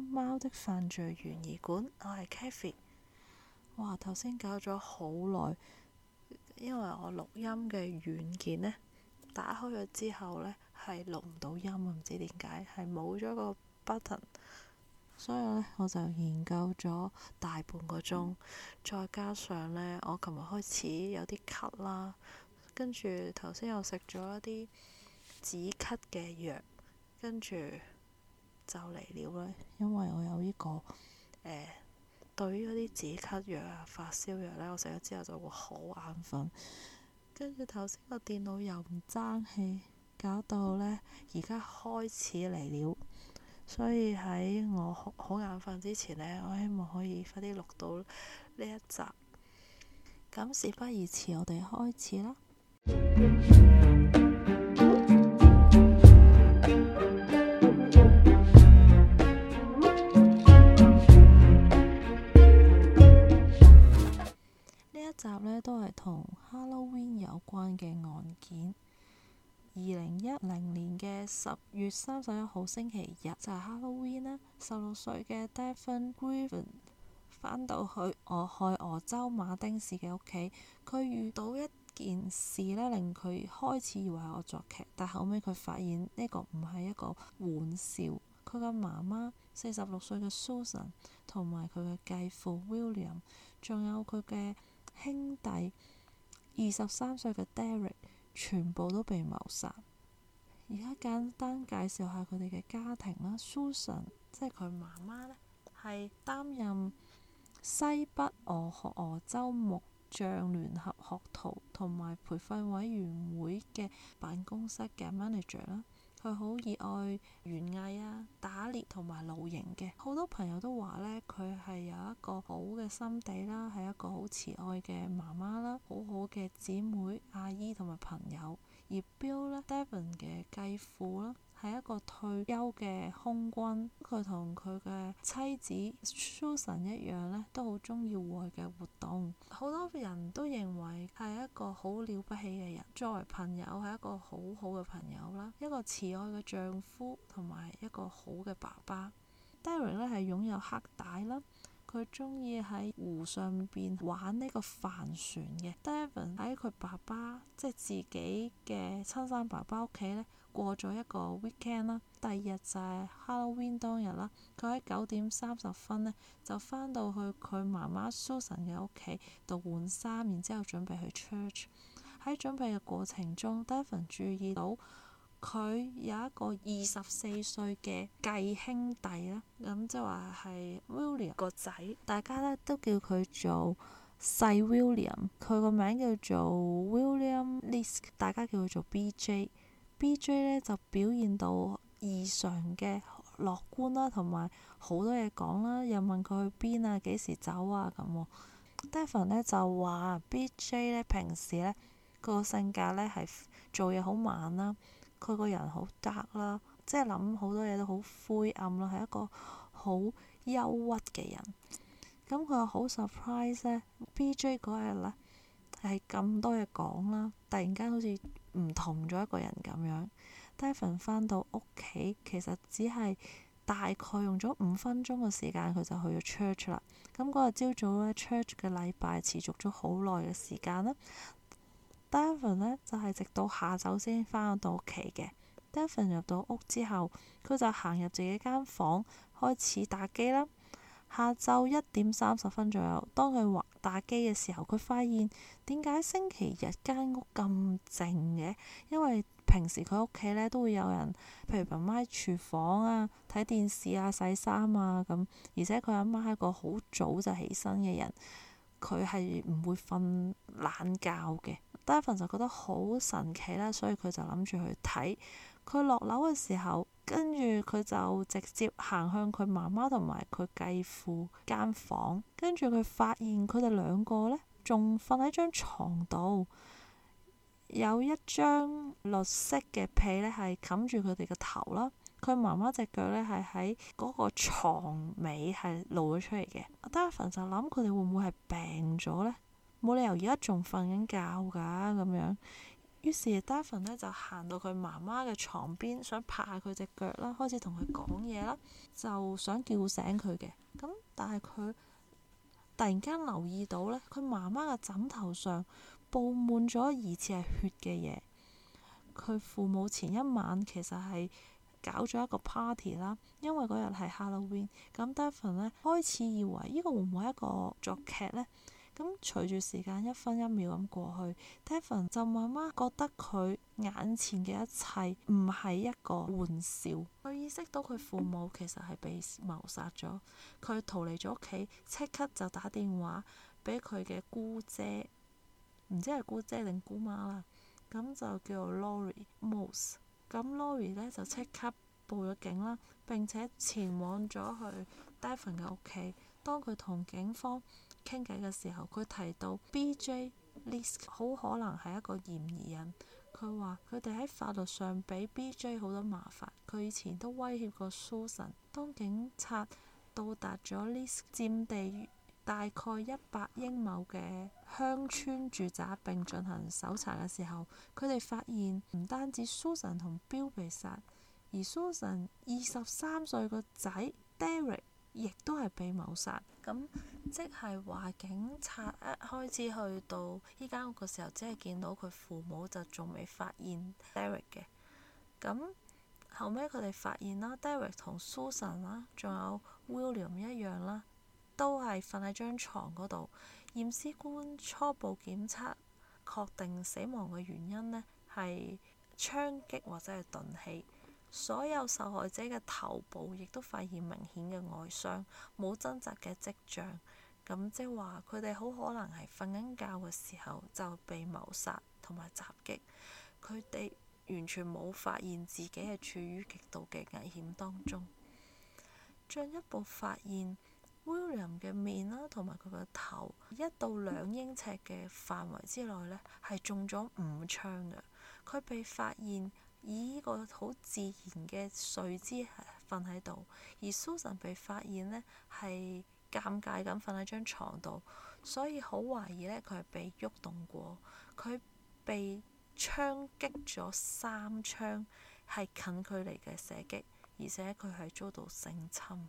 貓的犯罪懸疑館，我係 Kathy。哇，頭先搞咗好耐，因為我錄音嘅軟件呢，打開咗之後呢，係錄唔到音，唔知點解，係冇咗個 button，所以呢，我就研究咗大半個鐘，嗯、再加上呢，我琴日開始有啲咳啦，跟住頭先又食咗一啲止咳嘅藥，跟住。就嚟了啦，因為我有呢、這個誒、呃，對於嗰啲止咳藥啊、發燒藥呢，我食咗之後就會好眼瞓。跟住頭先個電腦又唔爭氣，搞到呢，而家開始嚟了。所以喺我好好眼瞓之前呢，我希望可以快啲錄到呢一集。咁事不宜遲，我哋開始啦。 集呢都係同 Halloween 有關嘅案件。二零一零年嘅十月三十一號星期日就係 Halloween 啦。十六歲嘅 Devin Griffin 翻到去俄亥俄州馬丁士嘅屋企，佢遇到一件事呢，令佢開始以為惡作劇，但後尾佢發現呢個唔係一個玩笑。佢嘅媽媽四十六歲嘅 Susan 同埋佢嘅繼父 William，仲有佢嘅兄弟二十三歲嘅 Derek 全部都被謀殺。而家簡單介紹下佢哋嘅家庭啦。Susan 即係佢媽媽呢，係擔任西北俄亥俄州木匠聯合學徒同埋培訓委員會嘅辦公室嘅 manager 啦。佢好熱愛園藝啊、打獵同埋露營嘅好多朋友都話呢，佢係有一個好嘅心地啦，係一個好慈愛嘅媽媽啦，好好嘅姊妹、阿姨同埋朋友。而 Bill 呢 Devin 嘅繼父啦。係一個退休嘅空軍，佢同佢嘅妻子 Susan 一樣呢都好中意戶外嘅活動。好多人都認為係一個好了不起嘅人，作為朋友係一個好好嘅朋友啦，一個慈愛嘅丈夫同埋一個好嘅爸爸。David 呢係擁有黑帶啦，佢中意喺湖上邊玩呢個帆船嘅。David 喺佢爸爸，即係自己嘅親生爸爸屋企呢。過咗一個 weekend 啦，第二日就係 Halloween 當日啦。佢喺九點三十分呢，就翻到去佢媽媽 Susan 嘅屋企度換衫，然之後準備去 church。喺準備嘅過程中，Devin 注意到佢有一個二十四歲嘅繼兄弟啦。咁即係話係 William 個仔，大家咧都叫佢做細 William。佢個名叫做 William Liske，大家叫佢做 BJ。B.J. 呢就表現到異常嘅樂觀啦，同埋好多嘢講啦，又問佢去邊啊，幾時走啊咁。啊、 Devin 呢就話 B.J. 呢平時呢個性格呢係做嘢好慢啦，佢個人好得啦，即係諗好多嘢都好灰暗啦，係一個好憂鬱嘅人。咁佢好 surprise 咧，B.J. 嗰日呢，係咁多嘢講啦，突然間好似～唔同咗一個人咁樣，David 翻到屋企其實只係大概用咗五分鐘嘅時間佢就去咗 church 啦。咁嗰日朝早咧 church 嘅禮拜持續咗好耐嘅時間啦。David 咧就係、是、直到下晝先翻到屋企嘅。David 入到屋之後佢就行入自己間房開始打機啦。下晝一點三十分左右，當佢話打機嘅時候，佢發現點解星期日間屋咁靜嘅？因為平時佢屋企呢都會有人，譬如媽媽喺廚房啊、睇電視啊、洗衫啊咁。而且佢阿媽係一個好早就起身嘅人，佢係唔會瞓懶覺嘅。戴芬就覺得好神奇啦，所以佢就諗住去睇。佢落樓嘅時候，跟住佢就直接行向佢媽媽同埋佢繼父間房，跟住佢發現佢哋兩個呢仲瞓喺張床度，有一張綠色嘅被呢係冚住佢哋嘅頭啦。佢媽媽隻腳呢係喺嗰個牀尾係露咗出嚟嘅。戴芬就諗佢哋會唔會係病咗呢？冇理由而家仲瞓緊覺㗎咁樣，於是 David 呢就行到佢媽媽嘅床邊，想拍下佢隻腳啦，開始同佢講嘢啦，就想叫醒佢嘅。咁但係佢突然間留意到呢，佢媽媽嘅枕頭上布滿咗疑似係血嘅嘢。佢父母前一晚其實係搞咗一個 party 啦，因為嗰日係 Halloween。咁 David 呢開始以為呢個會唔會係一個作劇呢？咁隨住時間一分一秒咁過去，Devin 就慢慢覺得佢眼前嘅一切唔係一個玩笑。佢意識到佢父母其實係被謀殺咗，佢逃離咗屋企，即刻就打電話俾佢嘅姑姐，唔知係姑姐定姑媽啦。咁就叫做 Lori Moss。咁 Lori 呢，就即刻報咗警啦，並且前往咗去 Devin 嘅屋企。當佢同警方傾偈嘅時候，佢提到 B.J. List 好可能係一個嫌疑人。佢話佢哋喺法律上俾 B.J. 好多麻煩。佢以前都威脅過 Susan。當警察到達咗 i 呢佔地大概一百英畝嘅鄉村住宅並進行搜查嘅時候，佢哋發現唔單止 Susan 同 Bill 被殺，而 Susan 二十三歲個仔 Derek，亦都係被謀殺，咁即係話警察一開始去到依間屋嘅時候，只係見到佢父母，就仲未發現 Derek 嘅，咁後尾，佢哋發現啦，Derek 同 Susan 啦，仲有 William 一樣啦，都係瞓喺張床嗰度。驗屍官初步檢測確定死亡嘅原因呢係槍擊或者係鈍器。所有受害者嘅頭部亦都發現明顯嘅外傷，冇掙扎嘅跡象。咁即係話佢哋好可能係瞓緊覺嘅時候就被謀殺同埋襲擊，佢哋完全冇發現自己係處於極度嘅危險當中。進一步發現 William 嘅面啦，同埋佢個頭一到兩英尺嘅範圍之內呢，係中咗五槍嘅。佢被發現，以呢個好自然嘅睡姿瞓喺度，而 Susan 被發現呢係尷尬咁瞓喺張床度，所以好懷疑呢佢係被喐動過。佢被槍擊咗三槍，係近距離嘅射擊，而且佢係遭到性侵。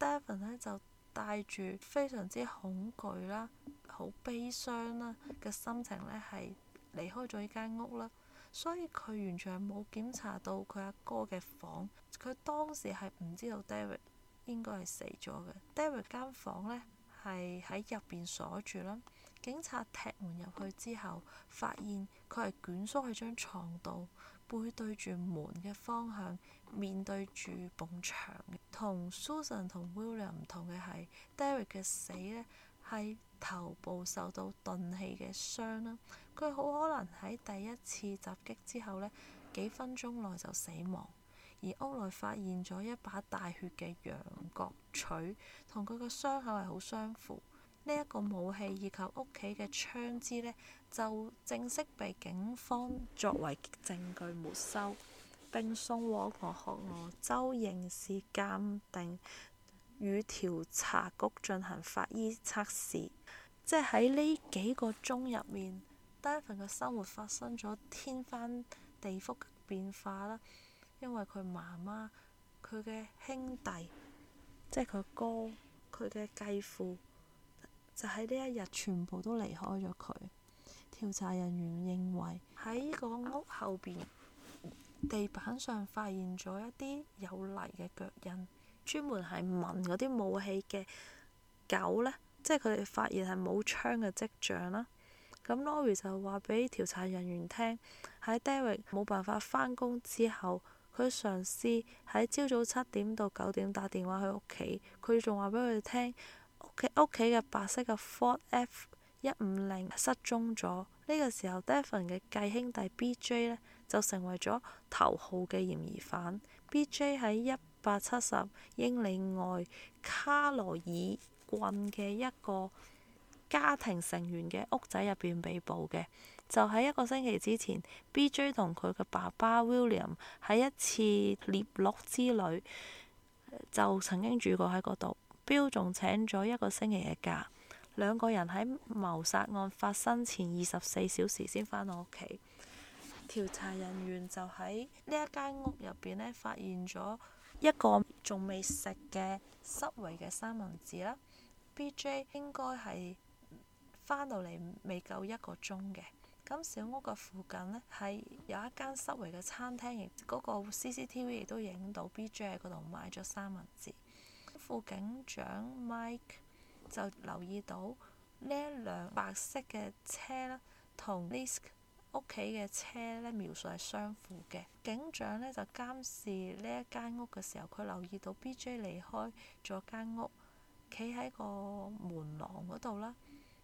Devin 呢就帶住非常之恐懼啦、好悲傷啦嘅心情呢係離開咗呢間屋啦。所以佢完全係冇檢查到佢阿哥嘅房，佢當時係唔知道 Derek 應該係死咗嘅。Derek 間房咧係喺入邊鎖住啦，警察踢門入去之後，發現佢係蜷縮喺張床度，背對住門嘅方向，面對住埲牆。同 Susan 同 William 唔同嘅係，Derek 嘅死咧係，頭部受到鈍器嘅傷，啦，佢好可能喺第一次襲擊之後呢，幾分鐘內就死亡。而屋內發現咗一把帶血嘅羊角錘同佢個傷口係好相符。呢、這、一個武器以及屋企嘅槍支呢，就正式被警方作為證據沒收，並送往俄亥俄州刑事鑑定。與調查局進行法醫測試，即係喺呢幾個鐘入面，丹佛嘅生活發生咗天翻地覆嘅變化啦。因為佢媽媽、佢嘅兄弟，即係佢哥、佢嘅繼父，就喺呢一日全部都離開咗佢。調查人員認為喺呢個屋後邊地板上發現咗一啲有泥嘅腳印。專門係聞嗰啲武器嘅狗呢，即係佢哋發現係冇槍嘅跡象啦。咁 Lori 就話俾調查人員聽，喺 David 冇辦法翻工之後，佢嘗試喺朝早七點到九點打電話去屋企，佢仲話俾佢哋聽，屋企屋企嘅白色嘅 Ford F 一五零失蹤咗。呢個時候，Devon 嘅繼兄弟 B J 呢，就成為咗頭號嘅嫌疑犯。B J 喺一百七十英里外卡羅爾郡嘅一個家庭成員嘅屋仔入邊被捕嘅，就喺一個星期之前，B.J. 同佢嘅爸爸 William 喺一次獵鹿之旅就曾經住過喺嗰度。標仲請咗一個星期嘅假，兩個人喺謀殺案發生前二十四小時先返到屋企。調查人員就喺呢一間屋入邊呢發現咗。一個仲未食嘅濕維嘅三文治啦，B.J. 應該係返到嚟未夠一個鐘嘅。咁小屋嘅附近呢，係有一間濕維嘅餐廳，亦嗰個 CCTV 亦都影到 B.J. 喺嗰度買咗三文治。副警長 Mike 就留意到呢一輛白色嘅車啦，同 Liske。屋企嘅車呢，描述係相符嘅，警長呢就監視呢一間屋嘅時候，佢留意到 B.J. 離開咗間屋，企喺個門廊嗰度啦，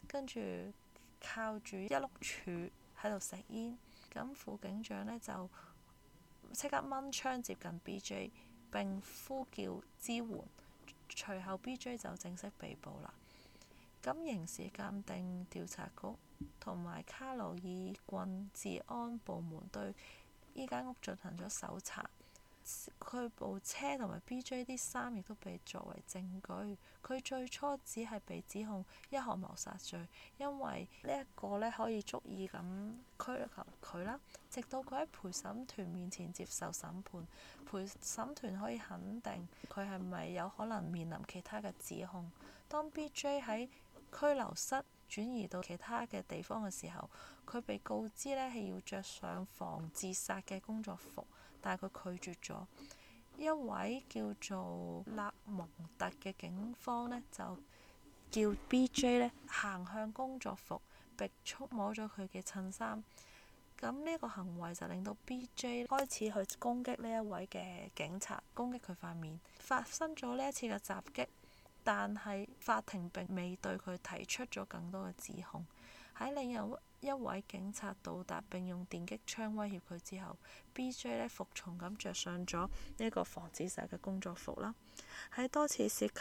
跟住靠住一碌柱喺度食煙，咁副警長呢就即刻掹槍接近 B.J. 並呼叫支援，隨後 B.J. 就正式被捕啦。咁刑事鑑定調查局。同埋卡路爾郡治安部門對呢間屋進行咗搜查，佢部車同埋 B.J. 啲衫亦都被作為證據。佢最初只係被指控一項謀殺罪，因為呢一個呢可以足以咁拘留佢啦。直到佢喺陪審團面前接受審判，陪審團可以肯定佢係咪有可能面臨其他嘅指控。當 B.J. 喺拘留室，轉移到其他嘅地方嘅時候，佢被告知呢係要着上防自殺嘅工作服，但係佢拒絕咗。一位叫做勒蒙特嘅警方呢，就叫 B.J. 呢行向工作服，逼觸摸咗佢嘅襯衫。咁呢一個行為就令到 B.J. 開始去攻擊呢一位嘅警察，攻擊佢塊面，發生咗呢一次嘅襲擊。但係法庭並未對佢提出咗更多嘅指控。喺另一一位警察到達並用電擊槍威脅佢之後，B.J. 咧服從咁着上咗呢一個防止自殺嘅工作服啦。喺多次涉及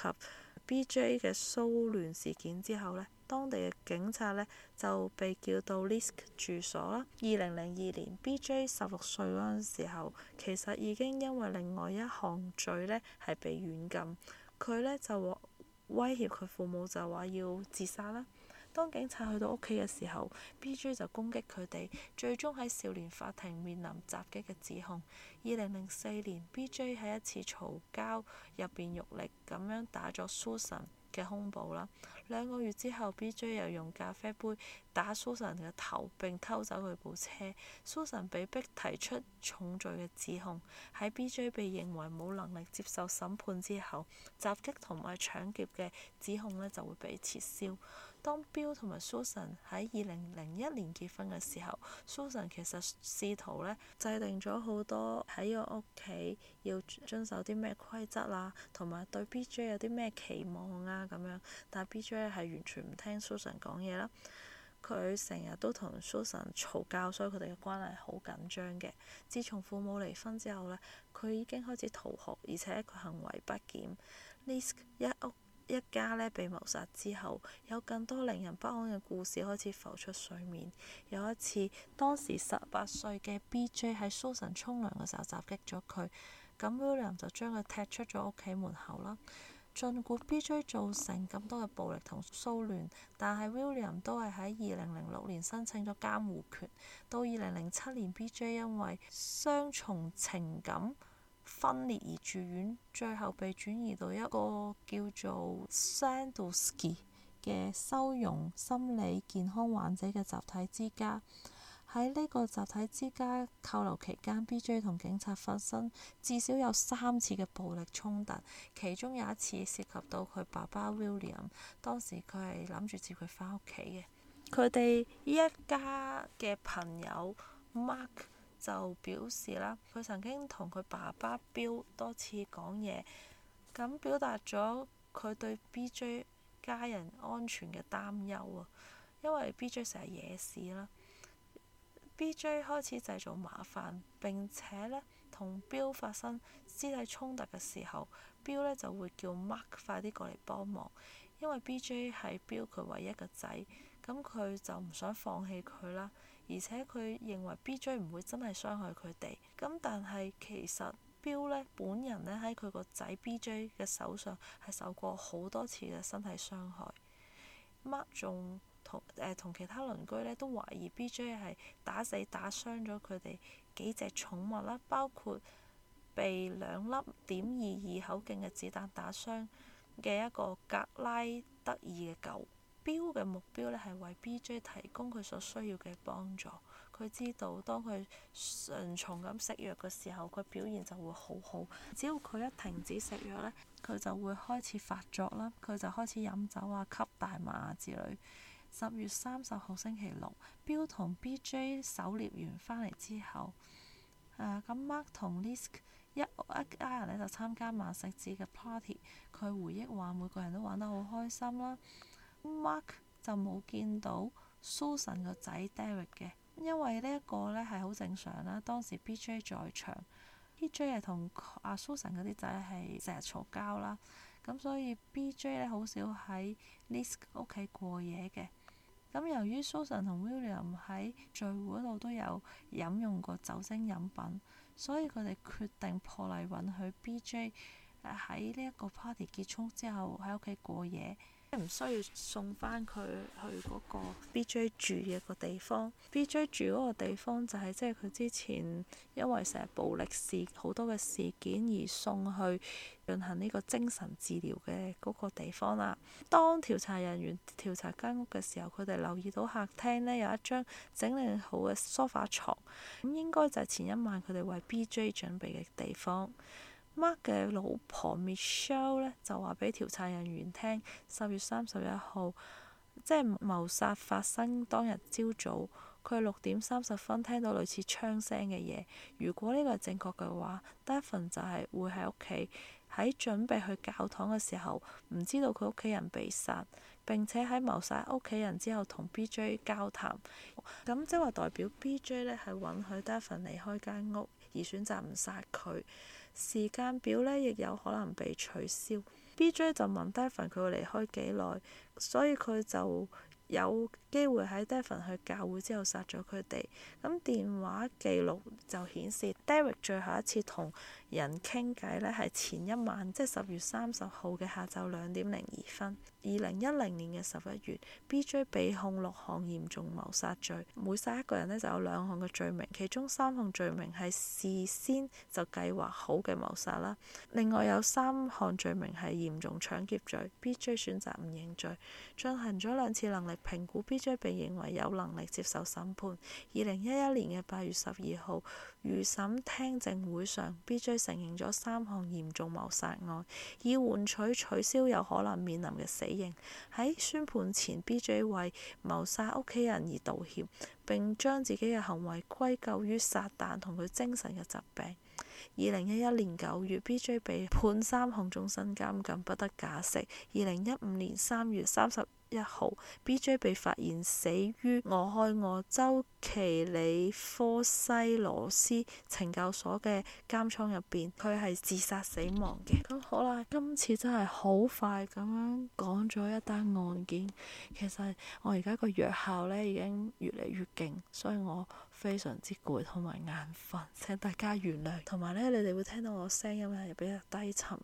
B.J. 嘅騷亂事件之後呢，當地嘅警察呢就被叫到 Lisk 住所啦。二零零二年，B.J. 十六歲嗰陣時候，其實已經因為另外一項罪呢係被軟禁。佢呢就獲威脅佢父母就話要自殺啦。當警察去到屋企嘅時候，B.J. 就攻擊佢哋，最終喺少年法庭面臨襲擊嘅指控。二零零四年，B.J. 喺一次嘈交入邊，用力咁樣打咗 Susan 嘅胸部啦，兩個月之後，B.J. 又用咖啡杯打蘇珊嘅頭，並偷走佢部車。蘇珊被逼提出重罪嘅指控。喺 B.J. 被認為冇能力接受審判之後，襲擊同埋搶劫嘅指控呢就會被撤銷。當 Bill 同埋 Susan 喺二零零一年結婚嘅時候，Susan 其實試圖咧制定咗好多喺個屋企要遵守啲咩規則啦、啊，同埋對 B.J. 有啲咩期望啊咁樣。但 B.J. 係完全唔聽 Susan 講嘢啦，佢成日都同 Susan 嘈交，所以佢哋嘅關係好緊張嘅。自從父母離婚之後咧，佢已經開始逃學，而且佢行為不檢，Liske 一屋一家呢被謀殺之後，有更多令人不安嘅故事開始浮出水面。有一次，當時十八歲嘅 B.J. 喺 Susan 沖涼嘅時候襲擊咗佢，咁 William 就將佢踢出咗屋企門口啦。儘管 B.J. 造成咁多嘅暴力同騷亂，但係 William 都係喺二零零六年申請咗監護權。到二零零七年，B.J. 因為雙重情感分裂而住院，最後被轉移到一個叫做 Sandusky 嘅收容心理健康患者嘅集體之家。喺呢個集體之家扣留期間，BJ 同警察發生至少有三次嘅暴力衝突，其中有一次涉及到佢爸爸 William。當時佢係諗住接佢翻屋企嘅。佢哋呢一家嘅朋友 Mark，就表示啦，佢曾經同佢爸爸彪多次講嘢，咁表達咗佢對 B.J 家人安全嘅擔憂啊，因為 B.J 成日惹事啦。 B.J 開始製造麻煩，並且呢同彪發生肢體衝突嘅時候，彪呢 就會叫 Mark 快啲過嚟幫忙，因為 B.J 係彪佢唯一嘅仔，咁佢就唔想放棄佢啦。而且佢認為 BJ 唔會真係傷害佢哋。咁但係其實標咧本人咧喺佢個仔 BJ 嘅手上係受過好多次嘅身體傷害，Mark 仲，同誒，同其他鄰居咧都懷疑 BJ 係打死打傷咗佢哋幾隻寵物啦，包括被兩粒點二二口徑嘅子彈打傷嘅一個格拉德爾嘅狗。標嘅目標咧係為 B.J. 提供佢所需要嘅幫助。佢知道當佢順從咁食藥嘅時候，佢表現就會好好。只要佢一停止食藥咧，佢就會開始發作啦。佢就開始飲酒啊、吸大麻啊之類。十月三十號，星期六，標同 B.J. 狩獵完翻嚟之後，咁 Mark 同 Liske 一一家人咧就參加萬聖節嘅 party。佢回憶話每個人都玩得好開心啦。Mark 就冇見到 Susan 個仔 Derek 嘅，因為呢一個呢係好正常啦。當時 BJ 在場，BJ 係同阿 Susan 嗰啲仔係成日嘈交啦，咁 所以 BJ 呢好少喺 Liske 屋企過夜嘅。咁由於 Susan 同 William 喺聚會度都有飲用過酒精飲品，所以佢哋決定破例允許 BJ 喺呢一個 party 結束之後喺屋企過夜。唔需要送翻佢去嗰個 B.J. 住嘅個地方。B.J. 住嗰個地方就係即係佢之前因為成日暴力事好多嘅事件而送去進行呢個精神治療嘅嗰個地方啦。當調查人員調查間屋嘅時候，佢哋留意到客廳呢有一張整理好嘅梳化牀，咁應該就係前一晚佢哋為 B.J. 準備嘅地方。Mark 嘅老婆 Michelle 咧就話俾調查人員聽，十月三十一號即係謀殺發生當日朝早，佢六點三十分聽到類似槍聲嘅嘢。如果呢個係正確嘅話，Daphne 就係會喺屋企喺準備去教堂嘅時候，唔知道佢屋企人被殺，並且喺謀殺屋企人之後同 B.J. 交談，咁即係話代表 B.J. 咧係允許 Daphne 離開間屋，而選擇唔殺佢。時間表呢亦有可能被取消。B.J. 就問 Devin 佢會離開幾耐，所以佢就有機會喺 Devin 去教會之後殺咗佢哋。咁電話記錄就顯示，Devin 最後一次同人傾偈呢係前一晚，即係十月三十號嘅下晝兩點零二分。二零一零年嘅十一月，B.J. 被控六項嚴重謀殺罪，每殺一個人呢，就有兩項嘅罪名，其中三項罪名係事先就計劃好嘅謀殺啦。另外有三項罪名係嚴重搶劫罪。B.J. 選擇唔認罪，進行咗兩次能力評估，B.J. 被認為有能力接受審判。二零一一年嘅八月十二號，預審聽證會上，B.J. 承認咗三項嚴重謀殺案，以換取取消有可能面臨嘅死刑。喺宣判前，B.J. 為謀殺屋企人而道歉，並將自己嘅行為歸咎於撒旦同佢精神嘅疾病。二零一一年九月，B.J. 被判三項終身監禁，不得假釋。二零一五年三月三十一號，B.J. 被發現死於俄亥俄州奇里科西羅斯懲教所嘅監倉入邊，佢係自殺死亡嘅。咁 好啦，今次真係好快咁樣講咗一單案件。其實我而家個藥效咧已經越嚟越勁，所以我非常之攰同埋眼瞓，請大家原諒。同埋咧，你哋會聽到我聲音係比較低沉，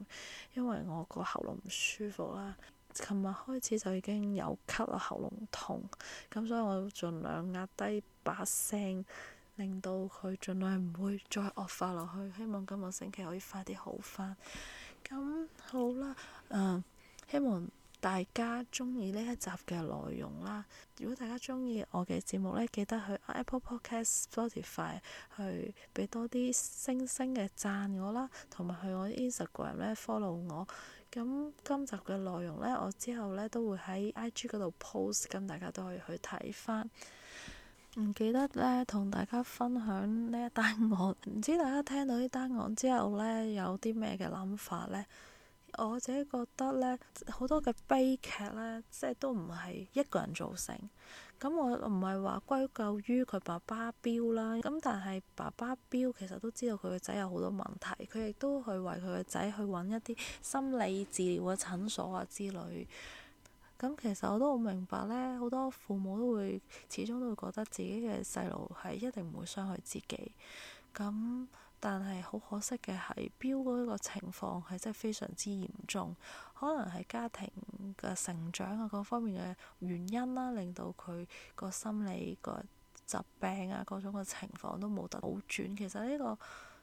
因為我個喉嚨唔舒服啦。琴日開始就已經有咳啦，喉嚨痛咁，所以我盡量壓低把聲，令到佢盡量唔會再惡化落去。希望今個星期可以快啲好返。咁好啦，嗯，希望大家中意呢一集嘅內容啦。如果大家中意我嘅節目呢，記得去 Apple Podcast、Spotify 去俾多啲星星嘅讚我啦，同埋去我 Instagram 呢 follow 我。咁今集嘅內容呢，我之後呢都會喺 IG 嗰度 post，咁大家都可以去睇翻。唔記得呢同大家分享呢一單案，唔知大家聽到呢單案之後呢有啲咩嘅諗法呢？我自己覺得呢好多嘅悲劇呢，即係都唔係一個人造成。咁我唔係話歸咎於佢爸爸標啦，咁但係爸爸標其實都知道佢個仔有好多問題，佢亦都去為佢個仔去揾一啲心理治療嘅診所啊之類。咁其實我都好明白咧，好多父母都會始終都會覺得自己嘅細路係一定唔會傷害自己。咁但係好可惜嘅係，標嗰個情況係真係非常之嚴重，可能係家庭嘅成長啊各方面嘅原因啦， 令到佢個心理 個疾病啊各種嘅情況都冇得好轉。其實呢個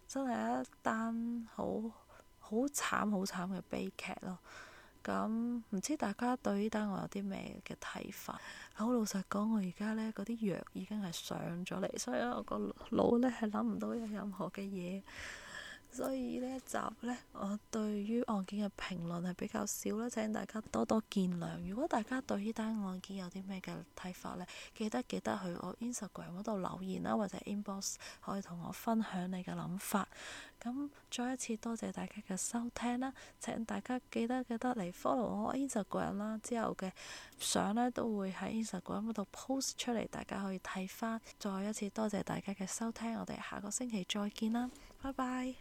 真係一單好好慘好慘嘅悲劇咯。咁唔、嗯、知大家對呢單案有啲咩嘅睇法？好老實講，我而家呢嗰啲藥已經係上咗嚟，所以咧我個腦呢係諗唔到有任何嘅嘢。所以呢一集呢，我對於案件嘅評論係比較少啦。請大家多多見諒。如果大家對呢單案件有啲咩嘅睇法呢，記得記得去我 Instagram 嗰度留言啦，或者 inbox 可以同我分享你嘅諗法。咁再一次多謝大家嘅收聽啦！請大家記得記得嚟 follow 我 Instagram 啦。之後嘅相呢，都會喺 Instagram 嗰度 post 出嚟，大家可以睇翻。再一次多謝大家嘅收聽，我哋下個星期再見啦，拜拜！